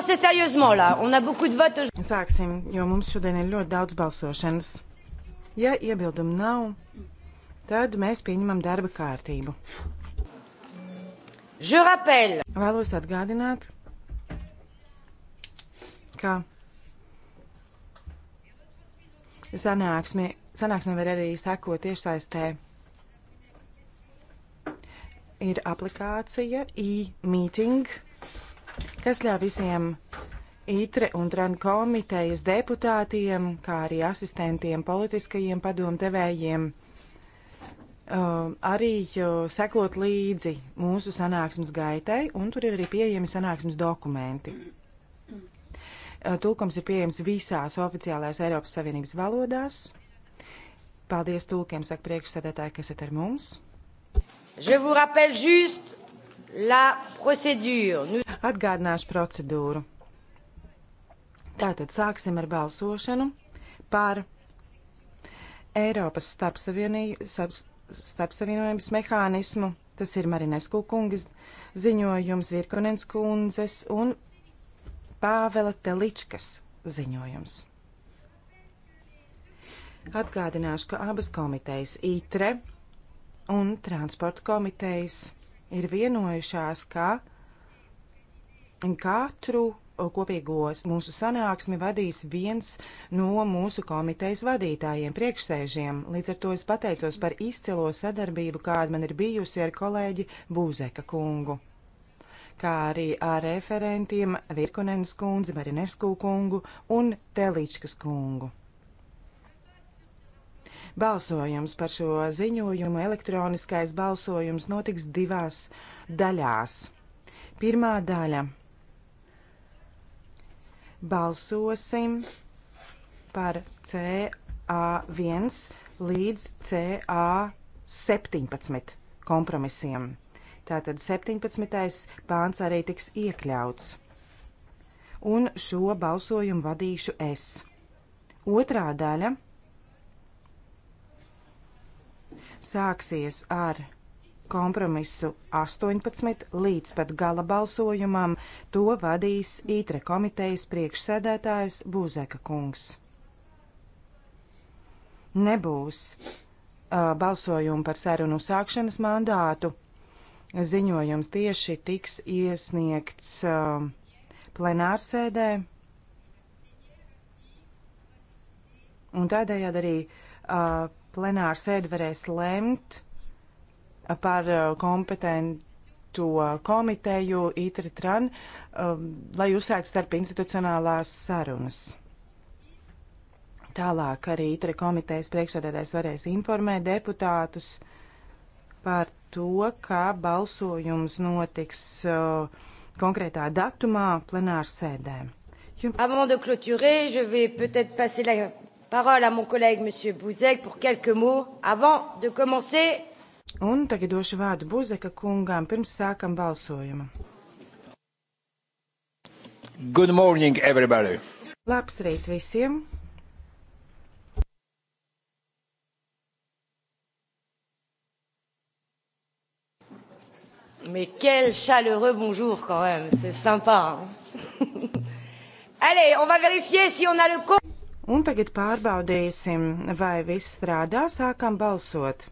commencer sérieusement là. On a beaucoup de votes. Sāksim, jo mums šodien ir ļoti daudz balsošanas. Ja iebildumu nav, tad mēs pieņemam darba kārtību. Je rappelle. Vēlos atgādināt, ka sanāksme, sanāksme var arī sekot tiešsaistē ir aplikācija e-meeting kas ļauj visiem ITRE un TRAN komitejas deputātiem, kā arī asistentiem, politiskajiem padomdevējiem, uh, arī uh, sekot līdzi mūsu sanāksmes gaitai, un tur ir arī pieejami sanāksmes dokumenti. Uh, Tūkums ir pieejams visās oficiālajās Eiropas Savienības valodās. Paldies tūkiem, saka priekšsēdētāji, kas ir ar mums. Je vous rappelle juste La procedūra. Atgādināšu procedūru. Tātad sāksim ar balsošanu par Eiropas starpsavienojumus mehānismu. Tas ir Marinesku kungas ziņojums, Virkonens kundzes un Pāvela Teličkas ziņojums. Atgādināšu, ka abas komitejas ITRE un transporta komitejas ir vienojušās, ka katru kopīgos mūsu sanāksmi vadīs viens no mūsu komitejas vadītājiem, priekšsēžiem. Līdz ar to es pateicos par izcilo sadarbību, kāda man ir bijusi ar kolēģi Būzeka kungu, kā arī ar referentiem Virkunenes kundzi, Marinesku kungu un Teličkas kungu balsojums par šo ziņojumu. Elektroniskais balsojums notiks divās daļās. Pirmā daļa. Balsosim par CA1 līdz CA17 kompromisiem. Tātad 17. pāns arī tiks iekļauts. Un šo balsojumu vadīšu es. Otrā daļa sāksies ar kompromisu 18 līdz pat gala balsojumam. To vadīs ITRE komitejas priekšsēdētājs Būzeka kungs. Nebūs uh, balsojumu par sarunu sākšanas mandātu. Ziņojums tieši tiks iesniegts uh, plenārsēdē. Un tādējādi arī uh, plenāra sēde varēs lemt par uh, kompetentu uh, komiteju ITRI TRAN, um, lai uzsākt starp institucionālās sarunas. Tālāk arī ITRI komitejas priekšsēdētājs varēs informēt deputātus par to, kā balsojums notiks uh, konkrētā datumā plenāra sēdē. Avant de clôturer, je vais peut-être passer la parole à mon collègue M. Buzek pour quelques mots avant de commencer. Un tagad došu vārdu Buzeka kungām pirms sākam balsojumu. Good morning, everybody! Labs rīts visiem! Mais quel chaleureux bonjour quand même, c'est sympa. Hein Allez, on va vérifier si on a le compte. Un tagad pārbaudīsim, vai viss strādā, sākam balsot.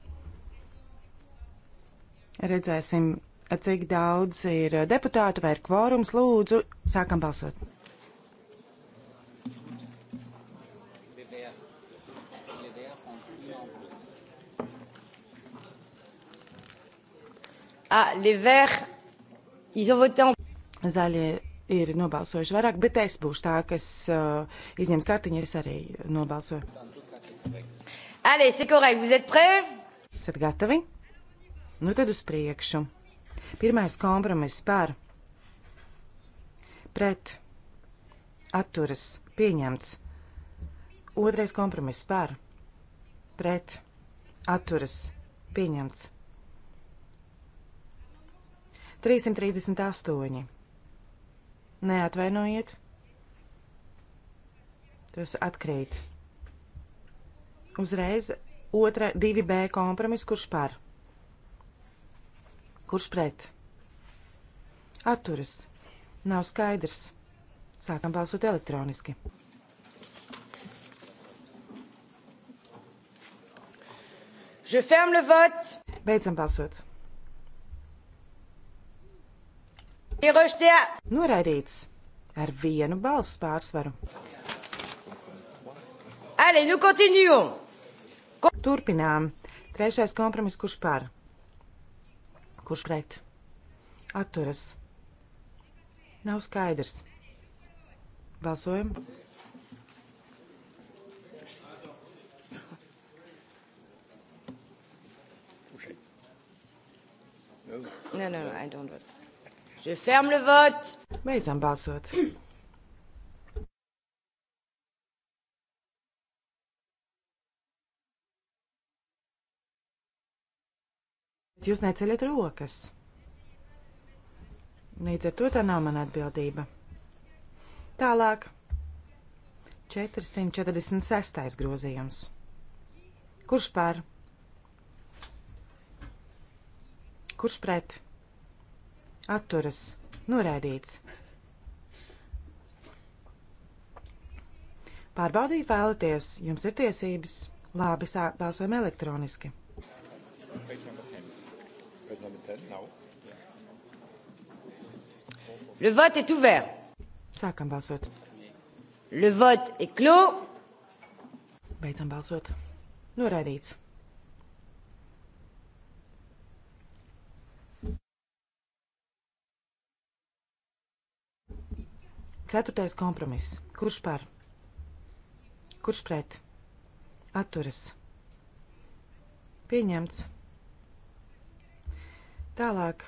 Redzēsim, cik daudz ir deputātu vai ir kvorums. Lūdzu, sākam balsot. Ah, les verts, ils ont voté en... Zaļie ir nobalsojuši vairāk, bet es būšu tā, kas uh, izņems kartiņu, es arī nobalsoju. Allez, c'est correct, vous êtes prêts? Esat gatavi? Nu tad uz priekšu. Pirmais kompromiss par pret atturas pieņemts. Otrais kompromiss par pret atturas pieņemts. 338. Neatvainojiet. Tas atkrīt. Uzreiz otra 2B kompromis, kurš par? Kurš pret? Atturas. Nav skaidrs. Sākam balsot elektroniski. Je ferme le vote. Beidzam balsot. Noraidīts ar vienu balsu pārsvaru. Allez, nous continuons. Turpinām. Trešais kompromiss, kurš par? Kurš pret? Atturas. Nav skaidrs. Balsojam. No, no, no, I don't vote. Je ferme le vote. Beidzam balsot. Jūs neceļat rokas. Līdz ar to tā nav mana atbildība. Tālāk. 446. grozījums. Kurš pār? Kurš pret? atturas, noraidīts. Pārbaudīt vēlaties, jums ir tiesības. Labi, sāk, balsojam elektroniski. Le vote est ouvert. Sākam balsot. Le vote est clos. Beidzam balsot. Noraidīts. Ceturtais kompromiss. Kurš par? Kurš pret? Atturas. Pieņemts. Tālāk.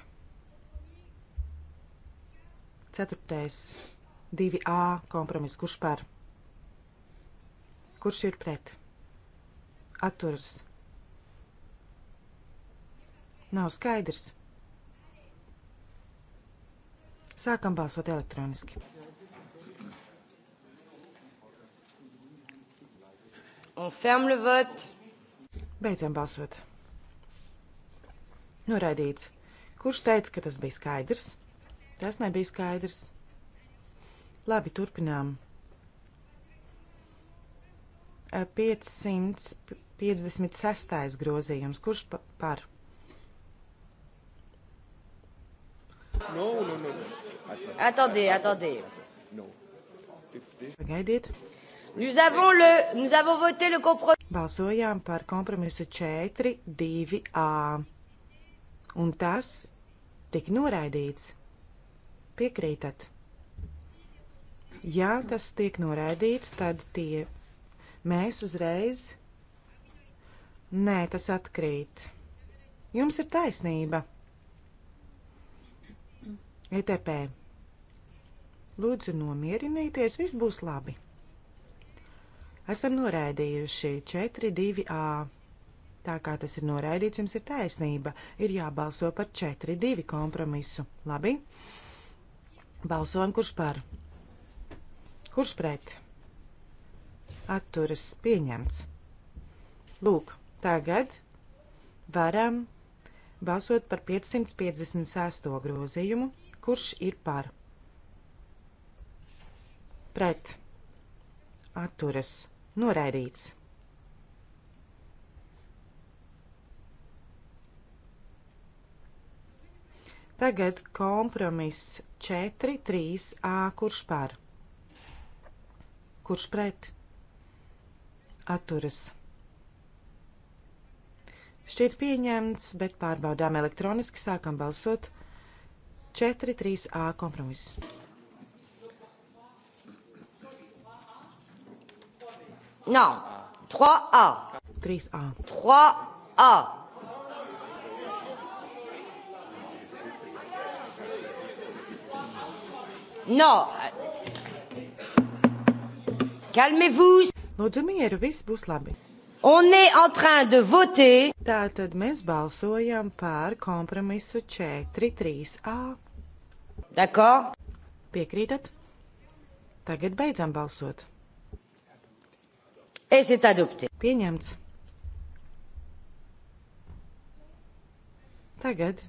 Ceturtais. 2A kompromiss. Kurš par? Kurš ir pret? Atturas. Nav skaidrs. Sākam balsot elektroniski. On ferme le vote. Beidzam balsot. Noraidīts. Kurš teica, ka tas bija skaidrs? Tas nebija skaidrs. Labi, turpinām. 556. Eh, grozījums. Kurš pa, par? No, no, no. Attendez, attendez. No. Pagaidiet. No. Nous avons, le, nous avons voté le compromis. Balsojām par kompromisu 4, 2A. Un tas tika noraidīts. Piekrītat. Ja tas tiek noraidīts, tad tie mēs uzreiz. Nē, tas atkrīt. Jums ir taisnība. ETP. Lūdzu, nomierinieties, viss būs labi esam noraidījuši 4-2A. Tā kā tas ir noraidīts, jums ir taisnība. Ir jābalso par 4-2 kompromisu. Labi? Balsojam, kurš par? Kurš pret? Atturas pieņemts. Lūk, tagad varam balsot par 556. grozījumu, kurš ir par. Pret atturas noraidīts. Tagad kompromiss 4, 3, A, kurš par, kurš pret, atturas. Šķiet pieņemts, bet pārbaudām elektroniski sākam balsot 4, 3, A kompromiss. Non. 3A. 3A. 3A. Non. Calmez-vous. Lūdzu, mieru, viss būs labi. On est en train de voter. Tātad mēs balsojam par kompromisu 4.3a. D'accord? Piekrītat? Tagad beidzam balsot. Esiet adopti. Pieņemts. Tagad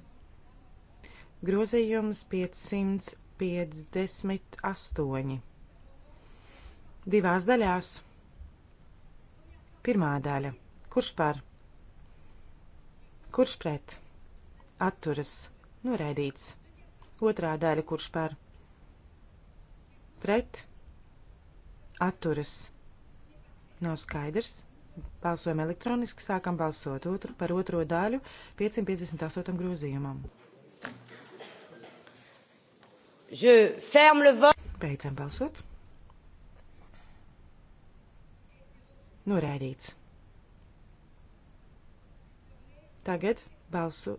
grozījums 558. Divās daļās. Pirmā daļa. Kurš par? Kurš pret? Atturas. Noraidīts. Otrā daļa. Kurš par? Pret? Atturas Nav skaidrs. Balsojam elektroniski, sākam balsot otru, par otro daļu 558. grozījumam. Beidzam balsot. Noraidīts. Tagad balsu,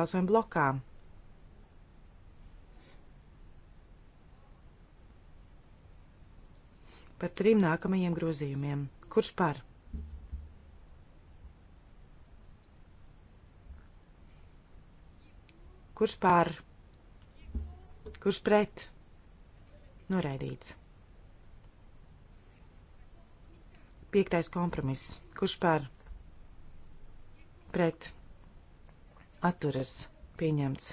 balsojam blokām. par trim nākamajiem grozījumiem. Kurš par? Kurš par? Kurš pret? Noraidīts. Piektais kompromiss. Kurš par? Pret. Atturas. Pieņemts.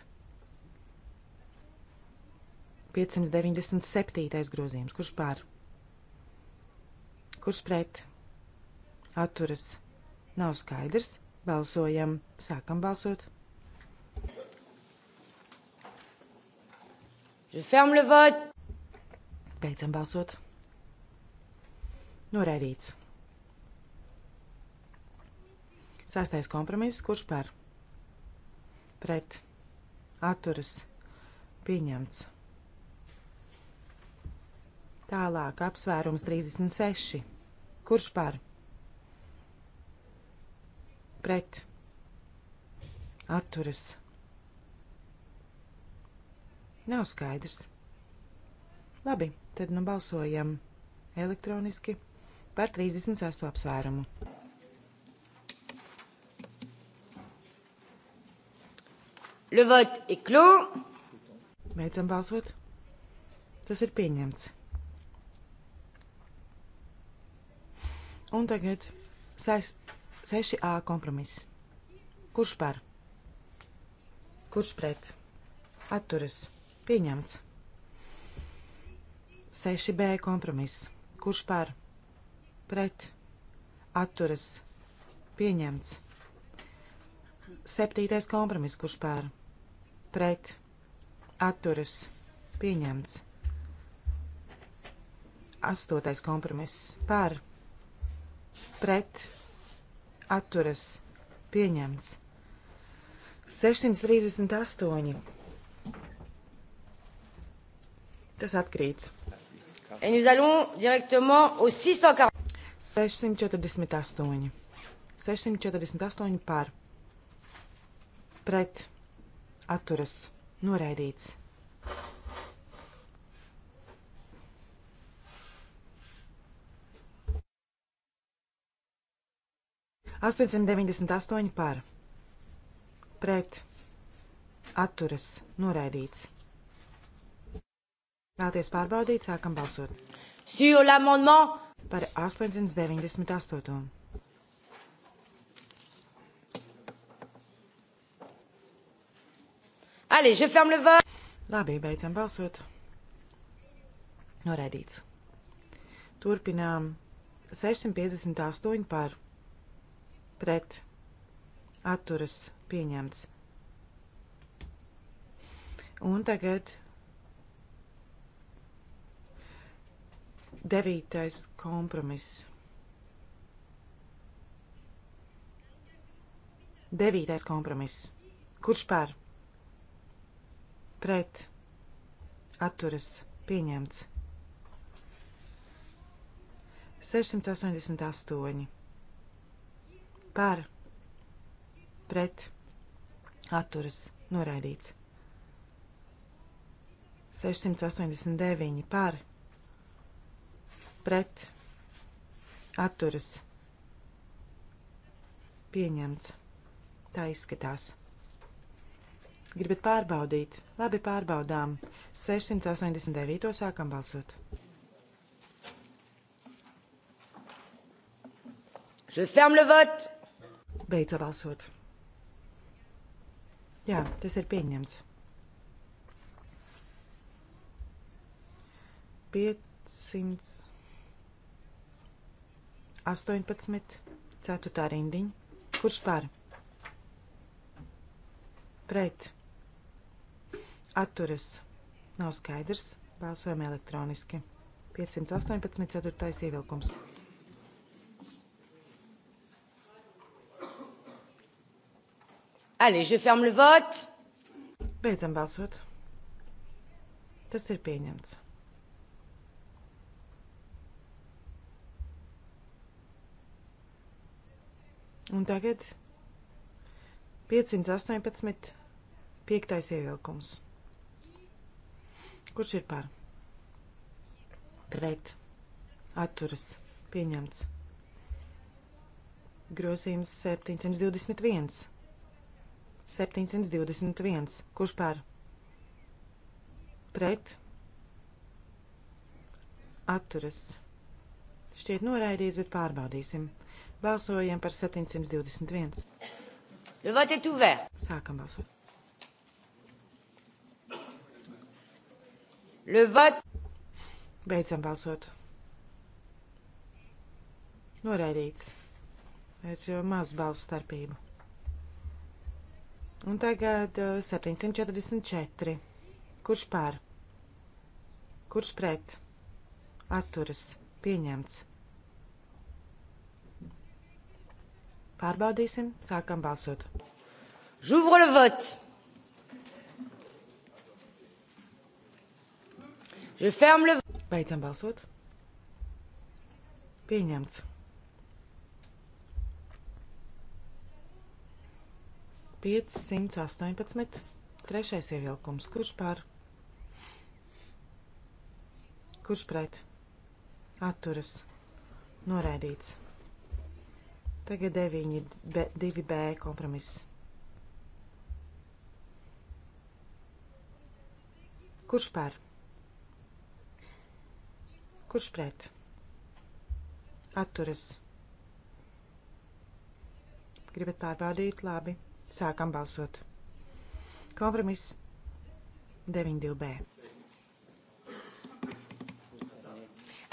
597. grozījums. Kurš pār? Kurš pret? Atturas. Nav skaidrs. Balsojam. Sākam balsot. Je ferme le vote. Beidzam balsot. Noraidīts. Sastais kompromiss, kurš par? Pret. Atturas. Pieņemts. Tālāk apsvērums 36. Kurš par? Pret. Atturas. Nav skaidrs. Labi, tad nu balsojam elektroniski par 36. apsvērumu. Le vote est clos. Beidzam balsot. Tas ir pieņemts. Un tagad 6A kompromiss. Kurš par? Kurš pret? Atturas. Pieņemts. 6B kompromiss. Kurš par? Pret. Atturas. Pieņemts. 7. kompromiss. Kurš par? Pret. Atturas. Pieņemts. 8. kompromiss. Par pret atturas pieņemts. 638. Tas atkrīts. 648. 648 par pret atturas noraidīts. 898 par. Pret. Atturas. Noraidīts. Vēlties pārbaudīt, sākam balsot. Sur l'amendement. Par 898. Allez, je ferme le vote. Labi, beidzam balsot. Noraidīts. Turpinām 658 par pret atturas pieņemts. Un tagad devītais kompromiss. Devītais kompromiss. Kurš pār? Pret. Atturas. Pieņemts. 688 par pret atturas noraidīts. 689 par pret atturas pieņemts. Tā izskatās. Gribat pārbaudīt? Labi, pārbaudām. 689. sākam balsot. Je ferme le vote. Beidzot balsot. Jā, tas ir pieņemts. 518. Ceturtā rindiņa. Kurš par? Pret. Atturas. Nav skaidrs. Balsojam elektroniski. 518. Ceturtais ievilkums. Allez, je ferme le vote. Beidzam balsot. Tas ir pieņemts. Un tagad 518. piektais ievilkums. Kurš ir par? Pret. Atturas. Pieņemts. Grozījums 721. 721. Kurš par? Pret. Atturas. Šķiet noraidīts, bet pārbaudīsim. Balsojam par 721. Le vote est ouvert. Sākam balsot. Le vote. Beidzam balsot. Noraidīts. Ir maz balsu starpību. Un tagad 744. Eh, Kurš pār? Kurš pret? Atturas. Pieņemts. Pārbaudīsim, sākam balsot. J'ouvre le vote. Je ferme le vote. Beidzam balsot. Pieņemts. 518. Trešais ievilkums. Kurš par? Kurš pret? Atturas. Noraidīts. Tagad 9, 2B kompromiss. Kurš par? Kurš pret? Atturas. Gribat pārbaudīt? Labi. Sākam balsot. Kompromiss 92B.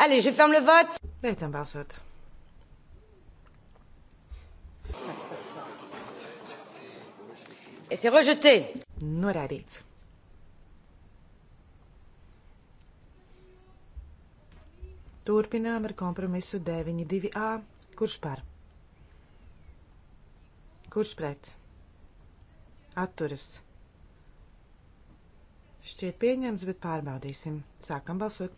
Allez, je ferme le vote. Beidzam balsot. Et c'est rejeté. Norādīts. Turpinām ar kompromisu 92A. Kurš par? Kurš pret? atturas. Šķiet pieņems, bet pārbaudīsim. Sākam balsot.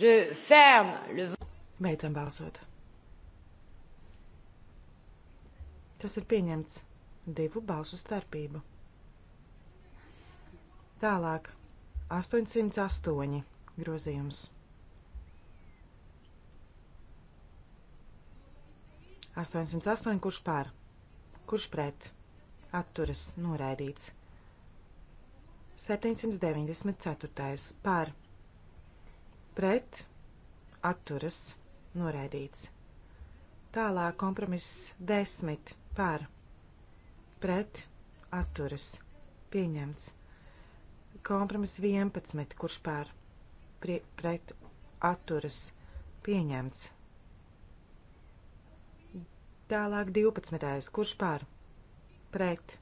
Je ferme le Beidzam balsot. Tas ir pieņemts divu balsu starpību. Tālāk 808 grozījums. 808, kurš pār, kurš pret, atturas, noraidīts. 794. pār, pret, atturas, noraidīts. Tālāk kompromiss 10 pār, pret, atturas, pieņemts. Kompromiss 11, kurš pār, prie, pret, atturas, pieņemts. Tālāk 12. Kurš pār? Pret.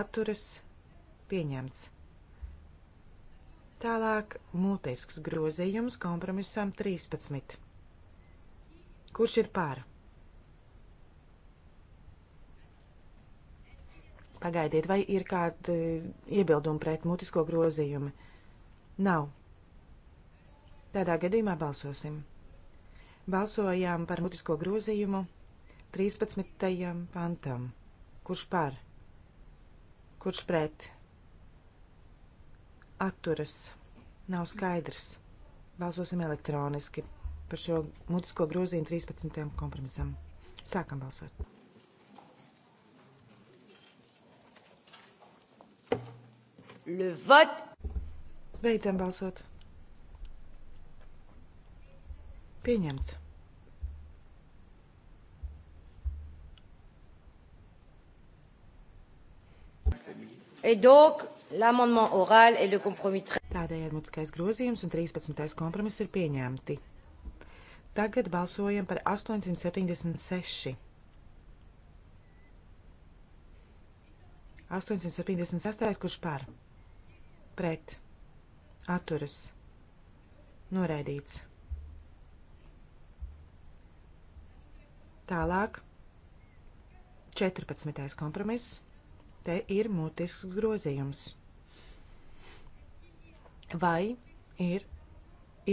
Atturas. Pieņemts. Tālāk mutisks grozījums kompromisam 13. Kurš ir pār? Pagaidiet, vai ir kāda eh, iebilduma pret mutisko grozījumu? Nav. Tādā gadījumā balsosim. Balsojām par mutisko grozījumu 13. pantam. Kurš par? Kurš pret? Atturas. Nav skaidrs. Balsosim elektroniski par šo mutisko grozījumu 13. kompromisam. Sākam balsot. Le vote. Beidzam balsot. Pieņemts. Et donc, l'amendement oral et le compromis 13. Tādējādi mutiskais grozījums un 13. kompromiss ir pieņemti. Tagad balsojam par 876. 876. kurš par? Pret. Atturas. Noraidīts. Tālāk. 14. kompromiss te ir mutisks grozījums. Vai ir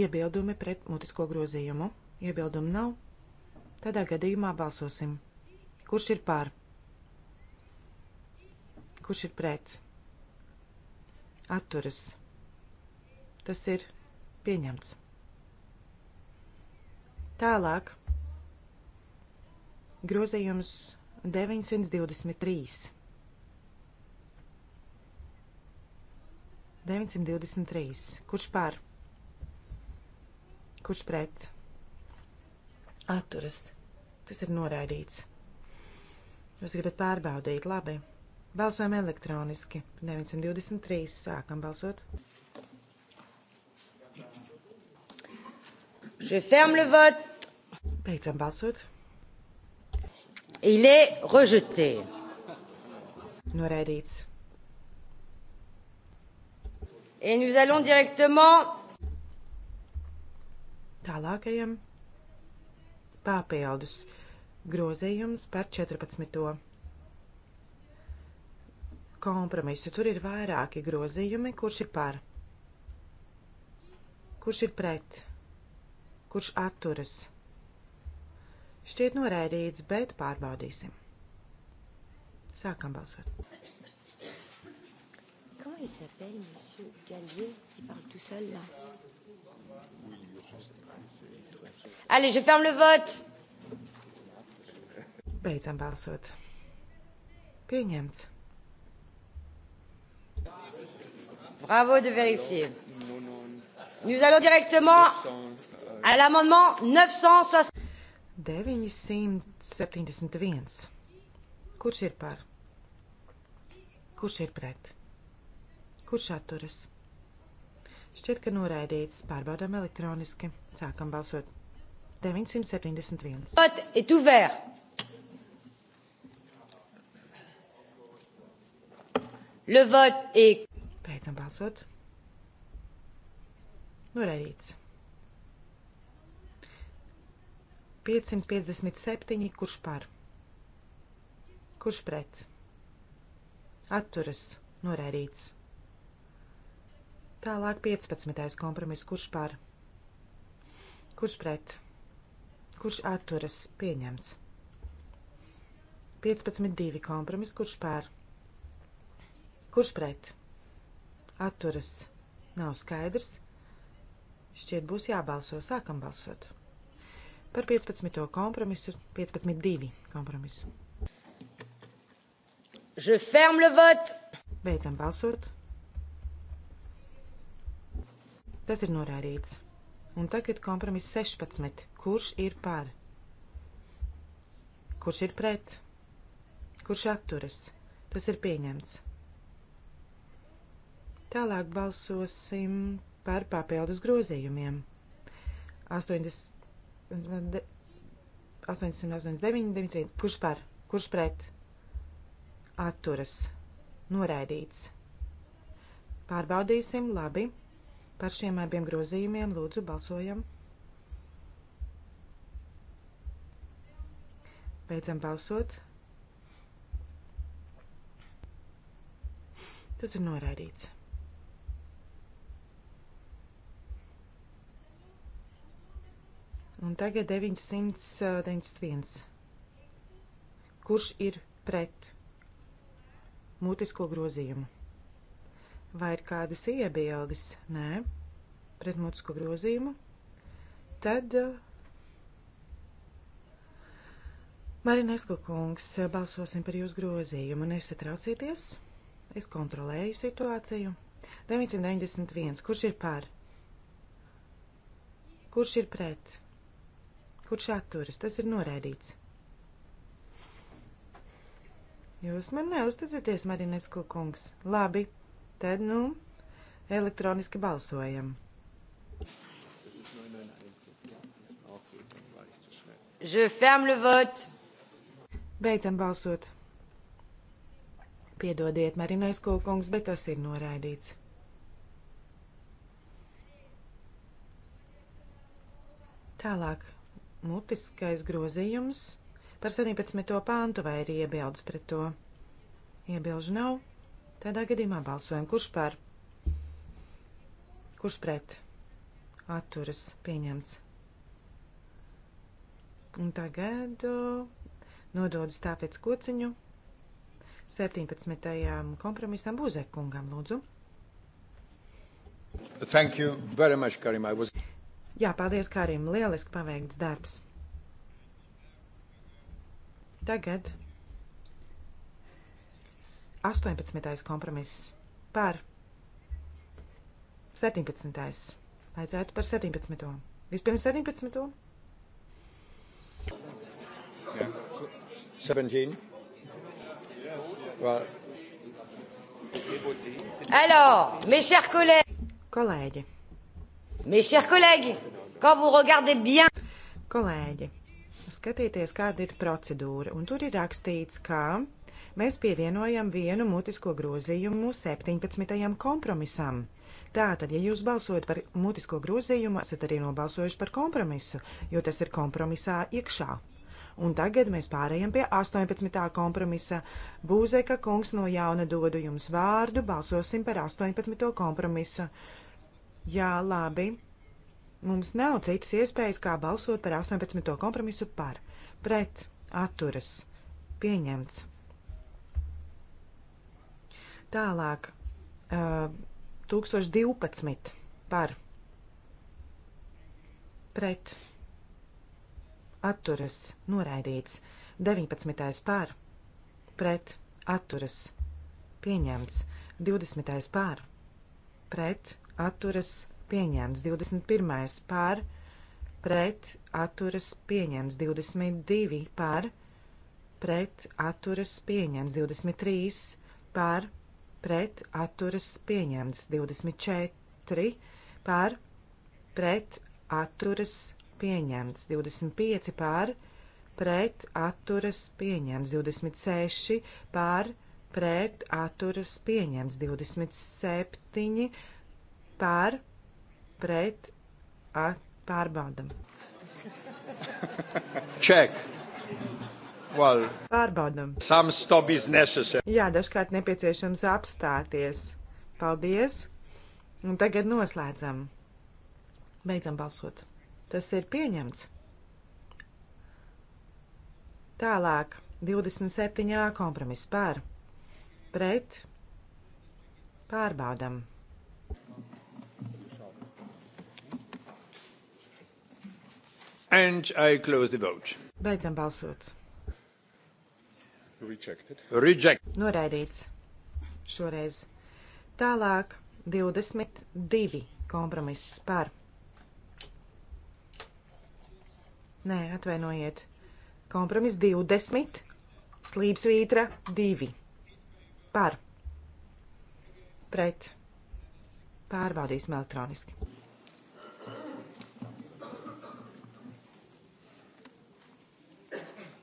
iebildumi pret mutisko grozījumu? Iebildumu nav. Tādā gadījumā balsosim. Kurš ir pār? Kurš ir pret? Atturas. Tas ir pieņemts. Tālāk. Grozījums 923. 923. Kurš pār? Kurš pret? Atturas. Tas ir noraidīts. Jūs gribat pārbaudīt, labi. Balsojam elektroniski. 923. Sākam balsot. Je ferme le vote. Beidzam balsot. Il est rejeté. Noraidīts. Et nous allons directement. Tālākajam papildus grozījums par 14. kompromisu. Tur ir vairāki grozījumi, kurš ir par, kurš ir pret, kurš atturas. Šķiet noraidīts, bet pārbaudīsim. Sākam balsot. Comment il s'appelle, monsieur Gallier, qui parle tout seul là Allez, je ferme le vote. Beidzam balsot. Pieņemts. Bravo de vérifier. Nous allons directement à l'amendement 960... 971. Kurš ir par? Kurš ir pret? Kurš atturas? Šķiet, ka noraidīts. Pārbaudām elektroniski. Sākam balsot. 971. Vote est ouvert. Le vote est. Beidzam balsot. Noraidīts. 557. Kurš par? Kurš pret? Atturas. Noraidīts. Tālāk 15. kompromiss, kurš par, kurš pret, kurš atturas pieņemts. 15.2. kompromiss, kurš par, kurš pret, atturas nav skaidrs. Šķiet būs jābalso, sākam balsot. Par 15. kompromisu, 15.2. kompromisu. Je ferme le vote! Beidzam balsot. Tas ir norādīts. Un tagad kompromiss 16. Kurš ir par? Kurš ir pret? Kurš atturas? Tas ir pieņemts. Tālāk balsosim par papildus grozījumiem. 80, 889, 900. Kurš par? Kurš pret? Atturas. Noraidīts. Pārbaudīsim, labi. Par šiem abiem grozījumiem lūdzu balsojam. Beidzam balsot. Tas ir noraidīts. Un tagad 991. Kurš ir pret mutisko grozījumu? Vai ir kādas iebildes? Nē, pret mutisko grozījumu. Tad eh, Marinesko kungs, balsosim par jūsu grozījumu. Nesatraucieties, es kontrolēju situāciju. 991. Kurš ir par? Kurš ir pret? Kurš atturas? Tas ir noraidīts. Jūs man neusticaties, Marinesko kungs. Labi. Tad, nu, elektroniski balsojam. Je ferme le vote. Beidzam balsot. Piedodiet, Marinais Kūkungs, bet tas ir noraidīts. Tālāk mutiskais grozījums par 17. pāntu vai ir iebildes pret to? Iebilžu nav. Tādā gadījumā balsojam, kurš par, kurš pret, atturas pieņemts. Un tagad uh, nododu stāpēc kociņu 17. kompromisam Buzekungam, lūdzu. Thank you very much, Karim. I was... Jā, paldies, Karim. Lieliski paveikts darbs. Tagad 18. kompromiss par 17. Aicētu par 17. Vispirms 17. Yeah. 17. Well. Alors, mes chers collègues. Collègues. Mes chers collègues, quand vous regardez bien. Collègues. Skatieties, kāda ir procedūra. Un tur ir rakstīts, ka mēs pievienojam vienu mutisko grozījumu 17. kompromisam. Tātad, ja jūs balsojat par mutisko grozījumu, esat arī nobalsojuši par kompromisu, jo tas ir kompromisā iekšā. Un tagad mēs pārējām pie 18. kompromisa. Būzeka kungs no jauna dodu jums vārdu, balsosim par 18. kompromisu. Jā, labi. Mums nav citas iespējas, kā balsot par 18. kompromisu par, pret, atturas, pieņemts. Tālāk, uh, 1012 par pret atturas noraidīts, 19. par pret atturas pieņemts, 20. par pret atturas pieņemts, 21. par pret atturas pieņemts, 22. par pret atturas pieņemts, 23. par pret atturas pieņemts, 24 par pret atturas pieņemts, 25 par pret atturas pieņemts, 26 par pret atturas pieņemts, 27 par pret at, pārbaudam. Check. Well, Pārbaudam. Jā, dažkārt nepieciešams apstāties. Paldies! Un tagad noslēdzam. Beidzam balsot. Tas ir pieņemts. Tālāk 27. kompromiss pār. Pret. Pārbaudam. And I close the vote. Beidzam balsot. Rejected. Reject. Noraidīts. Šoreiz. Tālāk 22 kompromiss par. Nē, atvainojiet. Kompromiss 20. Slīpsvītra 2. Par. Pret. Pārbaudīsim elektroniski.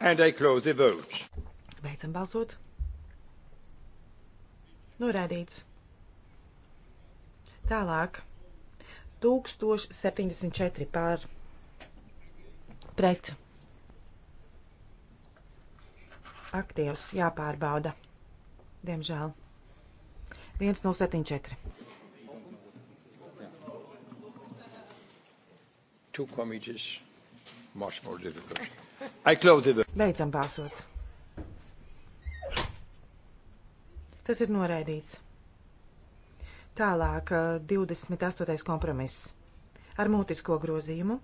And I close the vote. Beidzam balsot. Norādīts. Tālāk. 1074 pār pret. Aktīvs jāpārbauda. Diemžēl. 1074. Two committees, much more difficult. I close the... Beidzam balsot. Tas ir noraidīts. Tālāk, 28. Eh, kompromiss. Ar mutisko grozījumu.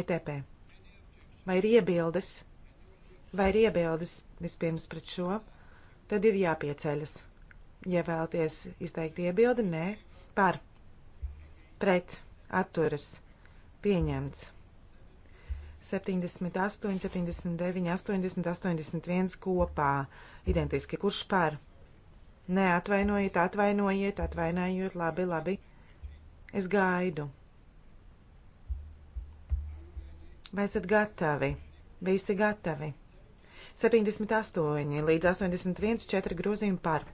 ETP. Vai ir iebildes? Vai ir iebildes vispirms pret šo? Tad ir jāpieceļas. Ja vēlaties izteikt iebildi, nē, par, pret, atturas, pieņemts. 78, 79, 80, 81 kopā. Identiski, kurš par? Nē, atvainojiet, atvainojiet, atvainojiet, labi, labi. Es gaidu. Vai esat gatavi? Visi gatavi. 78 līdz 81, 4 grozījumi par.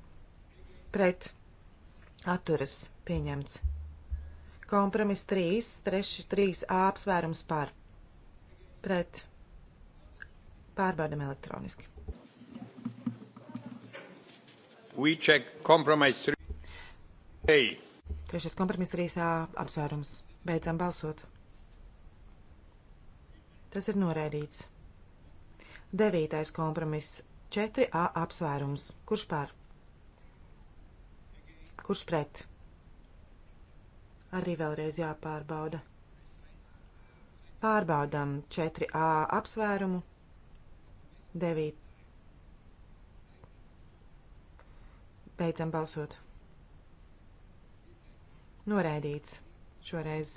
Pret. Atturas. Pieņemts. Kompromis 3, 3, 3 apsvērums par pret. Pārbaudam elektroniski. We check compromise 3A. Trešais kompromiss 3A apsvērums. Beidzam balsot. Tas ir noraidīts. Devītais kompromiss 4A apsvērums. Kurš pār? Kurš pret? Arī vēlreiz jāpārbauda. Pārbaudām 4a apsvērumu 9. Beidzam balsot. Noraidīts šoreiz.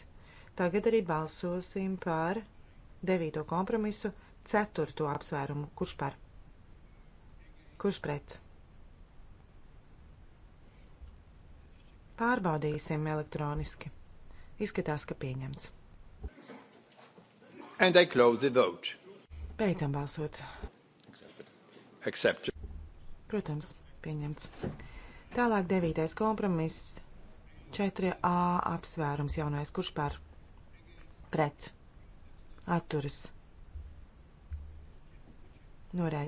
Tagad arī balsosim par 9. kompromisu 4. apsvērumu. Kurš par? Kurš pret? Pārbaudīsim elektroniski. Izskatās, ka pieņemts. And I close the vote. Beidzam balsot. Accepted. Protams, pieņemts. Tālāk devītais kompromiss. 4a apsvērums jaunais, kurš par pret atturas. Norai,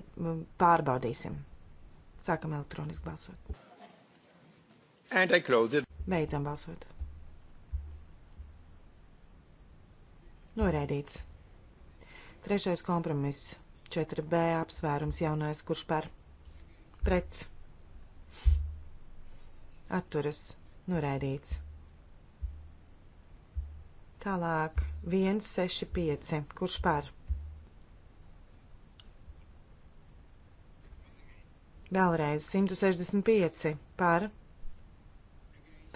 pārbaudīsim. Sākam elektroniski balsot. And I close it. Beidzam balsot. Noraidīts. Trešais kompromiss. 4B apsvērums jaunais, kurš par pret atturas noraidīts. Tālāk 165, kurš par Vēlreiz 165 par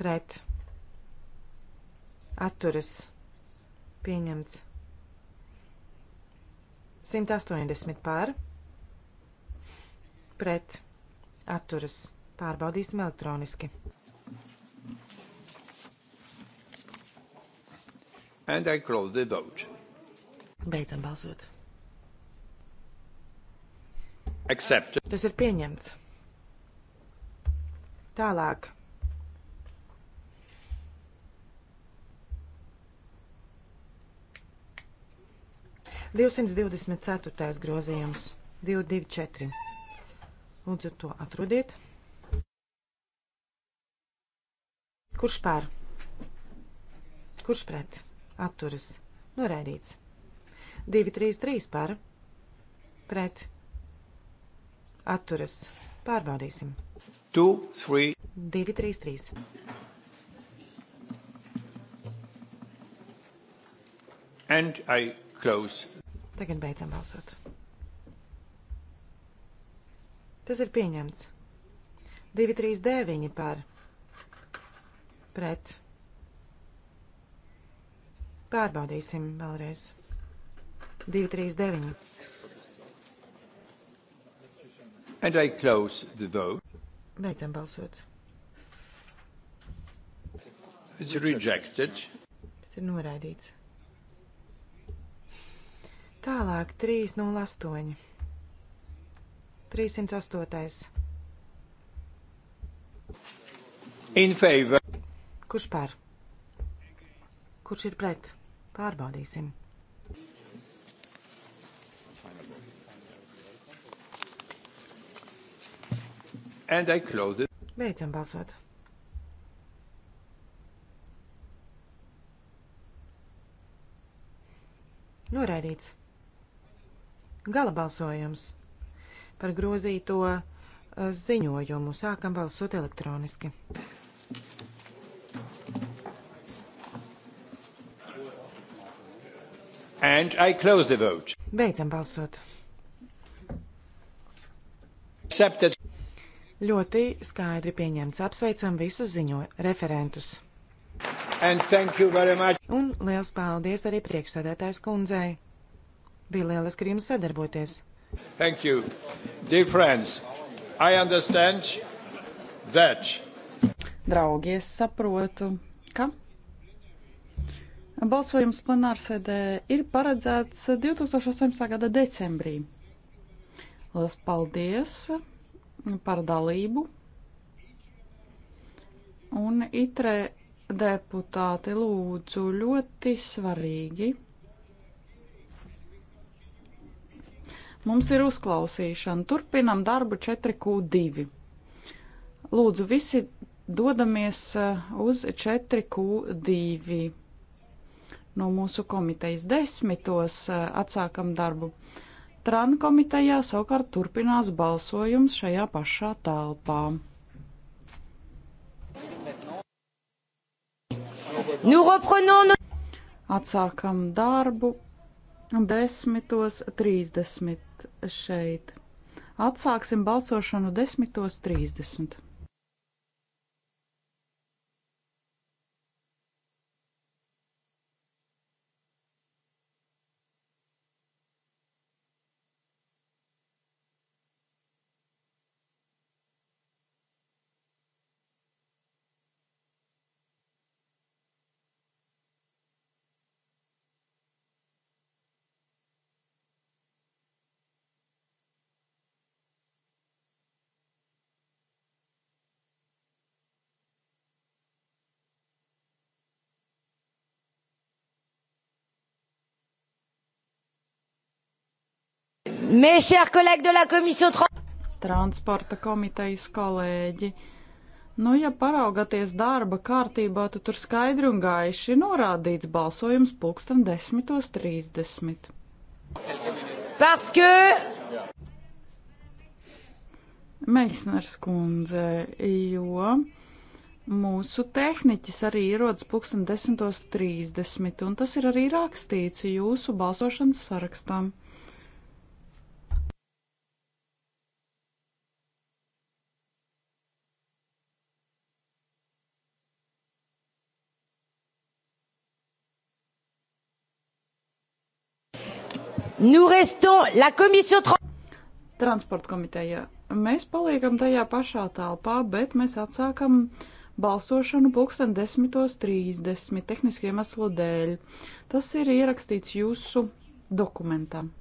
pret atturas pieņemts 180 par, pret, atturas. Pārbaudīsim elektroniski. And I close the vote. Beidzam balsot. Accept. Tas ir pieņemts. Tālāk. 224. grozījums 224. Lūdzu, to atrodiet. Kurš pār? Kurš pret? Atturas. Noraidīts. 233 pār. Pret. Atturas. Pārbaudīsim. 2, 3. 2, 3, 3. And I close Tagad beidzam balsot. Tas ir pieņemts. 239 par pret. Pārbaudīsim vēlreiz. 239. And I close the vote. Beidzam balsot. It's rejected. Tas ir noraidīts. Tālāk 308. 308. In favor. Kurš pār? Kurš ir pret? Pārbaudīsim. And I close it. Beidzam balsot. Noraidīts. Gala balsojums par grozīto uh, ziņojumu. Sākam balsot elektroniski. And I close the vote. Beidzam balsot. Accepted. Ļoti skaidri pieņemts. Apsveicam visus ziņo referentus. Un liels paldies arī priekšsēdētājs kundzei. Bija lieliski ar jums sadarboties. Thank you. Dear friends, I understand that. Draugi, es saprotu, ka balsojums plenārsēdē ir paredzēts 2018. gada decembrī. Lielas paldies par dalību. Un itre deputāti lūdzu ļoti svarīgi Mums ir uzklausīšana. Turpinam darbu 4Q2. Lūdzu, visi dodamies eh, uz 4Q2. No mūsu komitejas desmitos eh, atsākam darbu. Tran komitejā savukārt turpinās balsojums šajā pašā telpā. Atsākam darbu 10.30 šeit. Atsāksim balsošanu 10.30. Mes chers collègues de la Commission Transporta komitejas kolēģi. Nu, ja paraugaties darba kārtībā, tad tur skaidri un gaiši norādīts balsojums pulkstam 10.30. Parce que... Meļsners kundze, jo mūsu tehniķis arī ierodas pulkstam 10.30, un tas ir arī rakstīts jūsu balsošanas sarakstam. Nous restons la Commission Transporta komiteja. Mēs paliekam tajā pašā telpā, bet mēs atsākam balsošanu pulksten 10.30 tehniskiem eslu dēļ. Tas ir ierakstīts jūsu dokumentam.